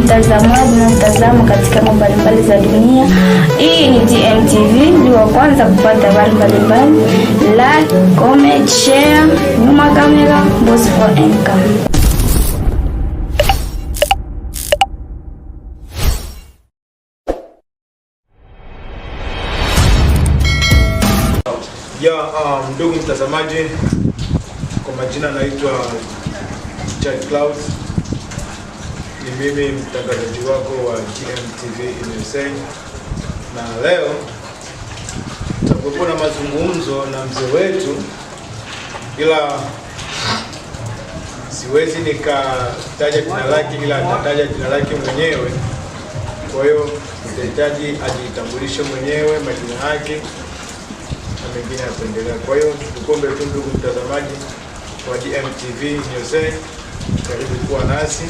mtazamaji na mtazamo katika mambo mbalimbali za dunia. Hii ni dmtv ni wa kwanza kupata habari mbalimbali. Like, comment, share. Nyuma kamera Mbosso for Income. Ya um, ndugu mtazamaji, kwa majina naitwa Chad Clouds ni mimi mtangazaji wako wa GMTV Inusei, na leo tutakuwa na mazungumzo na mzee wetu, ila siwezi nikataja jina lake, ila nataja jina lake mwenyewe. Kwa hiyo nitahitaji ajitambulishe mwenyewe majina yake na mengine ya kuendelea. Kwa hiyo tukombe tu, ndugu mtazamaji wa GMTV Inusei, karibu kuwa nasi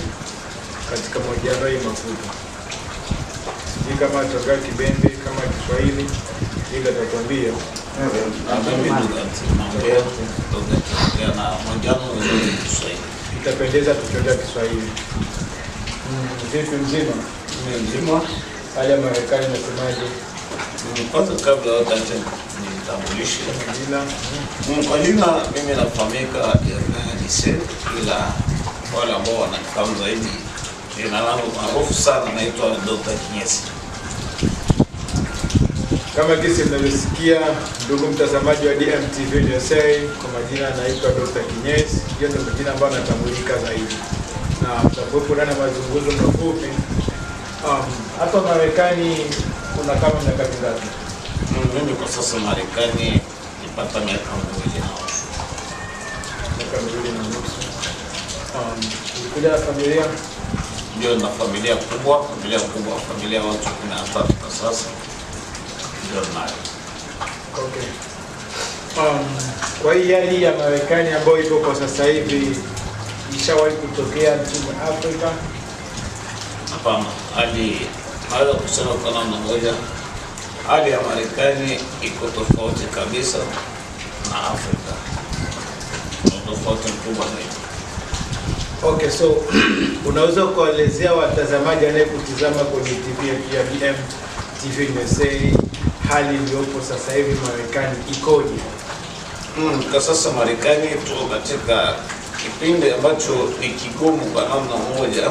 katika mahojiano hii mafupi. Sijui kama atakaa Kibembe kama Kiswahili, ili atatuambia itapendeza tukiongea Kiswahili. Vipi mzima mzima, hali ya Marekani nasemaje? Kwanza kabla hata nitambulishe jina, kwa jina mimi nafahamika Ise, ila wale ambao wananifahamu zaidi jina langu maarufu sana naitwa Dr. Kinyesi. Kama kisi mnavyosikia, ndugu mtazamaji wa DMTV USA, kwa majina anaitwa Dr. Kinyesi. Hiyo ndio majina ambayo anatambulika zaidi, na tutakuwepo ndani ya mazungumzo mafupi. Um, hapa Um, Marekani kuna kama miaka mingapi? Mm, mimi kwa sasa Marekani nipata miaka miwili na nusu. Miaka miwili na nusu. Um, ulikuja na familia? ndio na familia kubwa, familia kubwa, familia watu kumi na tatu kwa sasa ndio nayo. Okay. Um, kwa hii hali ya Marekani ambayo ipo kwa sasa hivi ishawahi kutokea nchini Afrika? Hapana, hali naweza kusema kwa namna moja, hali ya Marekani iko tofauti kabisa na Afrika, tofauti mkubwa zaidi. Okay, so unaweza kuelezea watazamaji anayekutizama kwenye TV ya BM TV USA hali iliyopo sasa hivi Marekani ikoje? Mm, kwa sasa Marekani tuko katika kipindi ambacho ni kigumu kwa namna moja,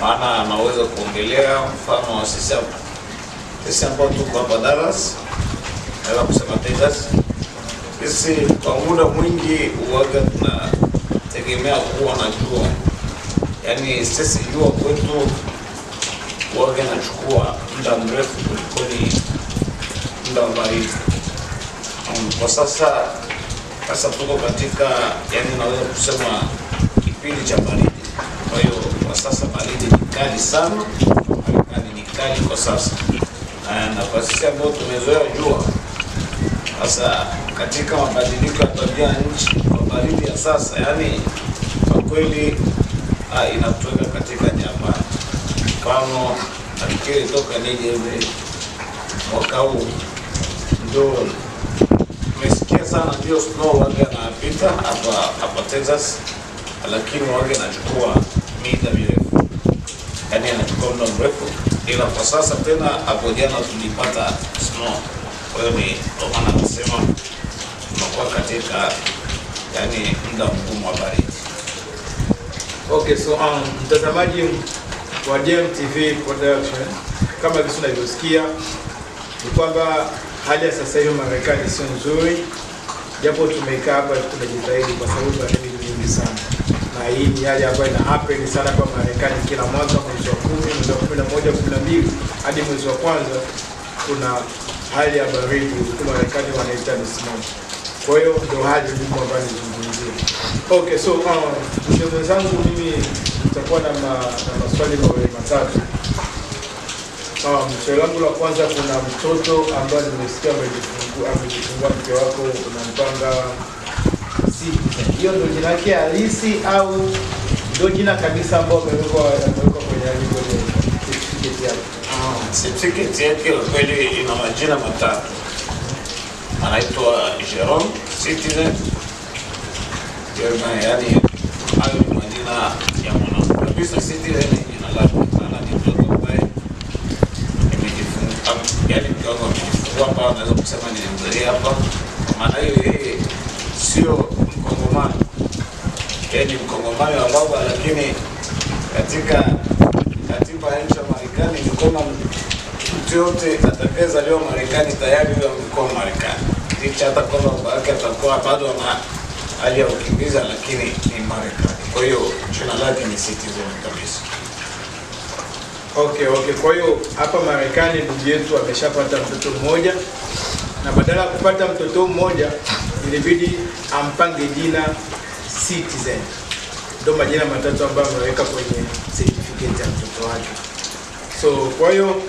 maana anaweza kuongelea mfano wa sisi sisi ambao tuko hapa Dallas, naweza kusema Texas, sisi kwa muda mwingi uwaga tuna tunategemea kuwa na jua, yaani sisi jua kwetu wage nachukua muda mrefu kulikoni muda wa baridi. Um, kwa sasa sasa tuko katika yaani, naweza kusema kipindi cha baridi. Kwa hiyo kwa sasa baridi ni kali sana, Marekani ni kali kwa sasa, na kwa sisi ambayo tumezoea jua sasa katika mabadiliko ya tabia nchi kwa baridi ya sasa, yani kwa kweli ah, inatuweka katika jambani. Mfano nafikiri toka nije hivi mwaka huu ndio umesikia sana, ndio snow wage anapita hapa hapa Texas, lakini wage anachukua mida mirefu, yani anachukua muda mrefu, ila kwa sasa tena, hapo jana tulipata snow kwa hiyo ni kwa maana kusema tunakuwa katika yani muda mgumu wa baridi. Okay, so um, mtazamaji wa Jam TV production, kama vile unavyosikia ni kwamba hali ya sasa hivi Marekani sio nzuri, japo tumekaa hapa tunajitahidi kwa sababu baridi nyingi sana, na hii ni hali ambayo ina happen sana kwa Marekani kila mwaka, mwezi wa kumi, mwezi wa kumi na moja, kumi na mbili hadi mwezi wa kwanza kuna hali ya baridi huku Marekani wanaita ni Kwa hiyo ndio hali ngumu ambayo nizungumzia. Okay, so uh, um, zangu mimi nitakuwa na, ma, na maswali mawili matatu. Um, swali langu la kwanza, kuna mtoto ambaye nimesikia amejifungua mke wako unampanga si hiyo ndio jina yake halisi au ndio jina kabisa ambao amewekwa kwenye kwenye tiketi yake? certificate yake kwa kweli ina majina matatu, anaitwa Jerome Citizen Jerome, yani hayo ni majina ya mwana kabisa. Citizen ni jina lake sana, ni mtoto ambaye nimejifungua, yani mke wangu amejifungua hapa, naweza ni mzuri hapa, kwa maana hiyo yeye sio Mkongomani, yeye ni Mkongomani wa baba, lakini katika Marekani ni kwamba mtu yote atakayezaliwa Marekani tayari huyo amekuwa Marekani, licha hata kwamba baba yake atakuwa bado na hali ya ukimbiza, lakini ni Marekani. Kwa hiyo jina lake ni citizen kabisa. Okay, okay. Kwa hiyo hapa Marekani ndugu yetu ameshapata mtoto mmoja, na badala ya kupata mtoto mmoja ilibidi ampange jina Citizen. Ndio majina matatu ambayo ameweka kwenye certificate ya mtoto wake. So kwa hiyo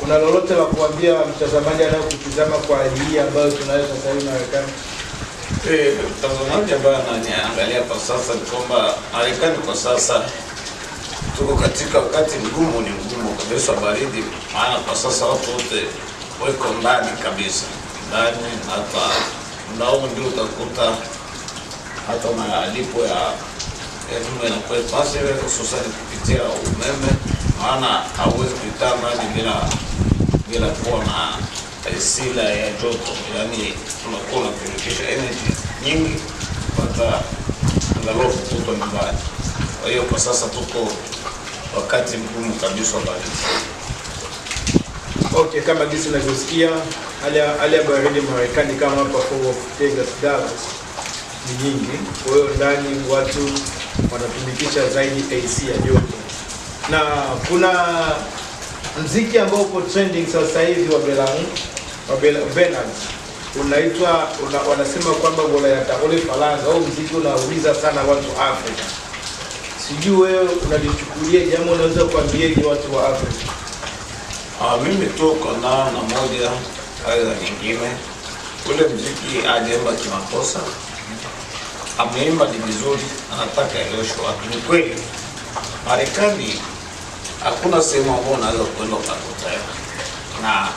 kuna lolote la kuambia mtazamaji anayokutizama kwa hii ambayo tunayo sasa hivi Marekani? Eh, mtazamaji ambaye ananiangalia kwa sasa ni kwamba Marekani kwa sasa tuko katika wakati mgumu, ni mgumu kabisa, baridi. Maana kwa sasa watu wote weko ndani kabisa, ndani hata mnao ndio utakuta hata malipo ya lazima inakuwa passive, hususani kupitia umeme, maana hauwezi kuitaa maji bila bila kuwa na e, sila ya joto, yaani unakuwa unapirikisha energy nyingi kupata angalau kutoka nyumbani. Kwa hiyo kwa sasa tuko wakati mgumu kabisa wa Okay, kama jinsi ninavyosikia hali ya baridi Marekani kama hapa Fort Worth, Texas, Dallas ni nyingi, kwa hiyo ndani watu wanatumikisha zaidi AC ya joto, na kuna mziki ambao uko trending sasa hivi wa Belang wa Benard unaitwa una, wanasema kwamba bola ya tahole falanza au mziki unauliza sana watu Afrika. Sijui wewe unalichukulia jambo, unaweza kuambieje watu wa Afrika? Ah, mimi toko na na moja aidha nyingine, ule mziki ajemba kimakosa ameimba ni vizuri, anataka eleweshwe watu. Ni kweli Marekani hakuna sehemu ambayo unaweza kuenda ukakuta na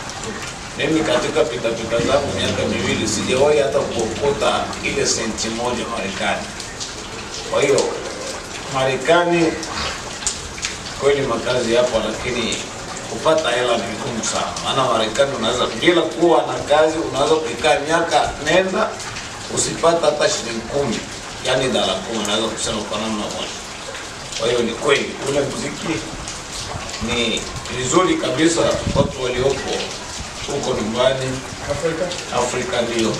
mimi katika pitapita zangu miaka miwili sijawahi hata kuokota ile senti moja Marekani. Kwa hiyo Marekani kweli makazi yapo, lakini kupata hela ni vigumu sana, maana Marekani unaweza bila kuwa na kazi unaweza kuikaa miaka nenda usipata hata shilingi kumi, yani dala kumi, anaweza kusema kwa namna moja. Kwa hiyo ni kweli ule mziki ni vizuri kabisa, watu waliopo huko nyumbani Afrika, Afrika ndio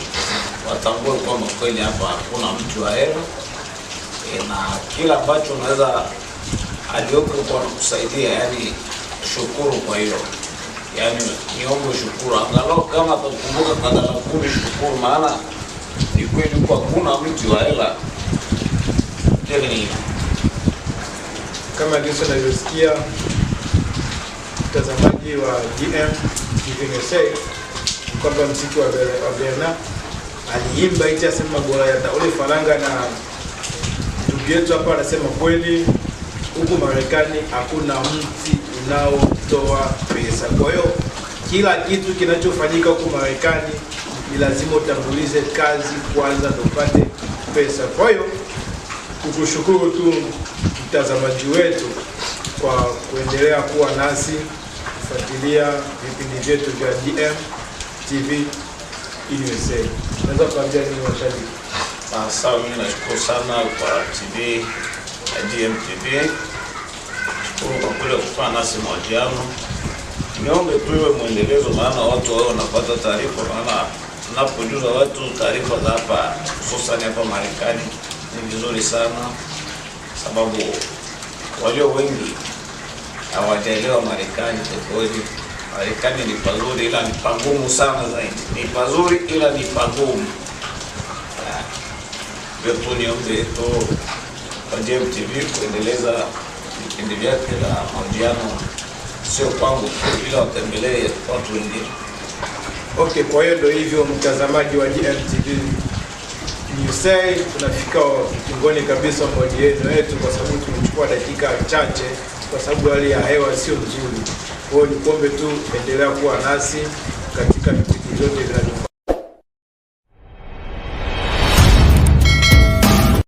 watambue kwamba kweli hapa hakuna mtu wa hela e, na kila ambacho unaweza aliyoko huko anakusaidia, yani shukuru kwa hilo yani niombe shukuru, angalau kama atakumbuka kwa dala kumi, shukuru maana ni kweli huko hakuna mti wa hela ni Kama jinsi anavyosikia mtazamaji wa GM TV USA kwamba msiki wa Berna aliimba iti asema bora ya Daudi Faranga na ndugu yetu hapa anasema kweli, huku Marekani hakuna mti unaotoa pesa. Kwa hiyo kila kitu kinachofanyika huku Marekani ni lazima utangulize kazi kwanza ndo upate pesa. Kwa hiyo tukushukuru tu mtazamaji wetu kwa kuendelea kuwa nasi, kufuatilia vipindi vyetu vya DM TV USA. Naweza kuambia ni washabiki? Sawa, mimi nashukuru sana kwa TV na DM TV, shukuru kwa kule kufanya nasi mahojiano. Niombe tu iwe mwendelezo, maana watu wao wanapata taarifa, maana tunapojuza watu taarifa za hapa hususani hapa Marekani ni vizuri sana, sababu walio wengi hawajaelewa Marekani kwa kweli. Marekani ni pazuri, ila ni pagumu sana zaidi. Ni pazuri, ila ni pagumu. Wetu niombe tu kwa JEM TV kuendeleza vipindi vyake la mahojiano, sio kwangu tu, ila watembelee watu wengine. Okay, kwa hiyo ndio hivyo mtazamaji wa GMTV Newsay, tunafika ukingoni kabisa mahojiano yetu, kwa sababu tumechukua dakika chache, kwa sababu hali ya hewa sio nzuri. Kwa hiyo nikuombe tu endelea kuwa nasi katika vipindi vyote vinavyo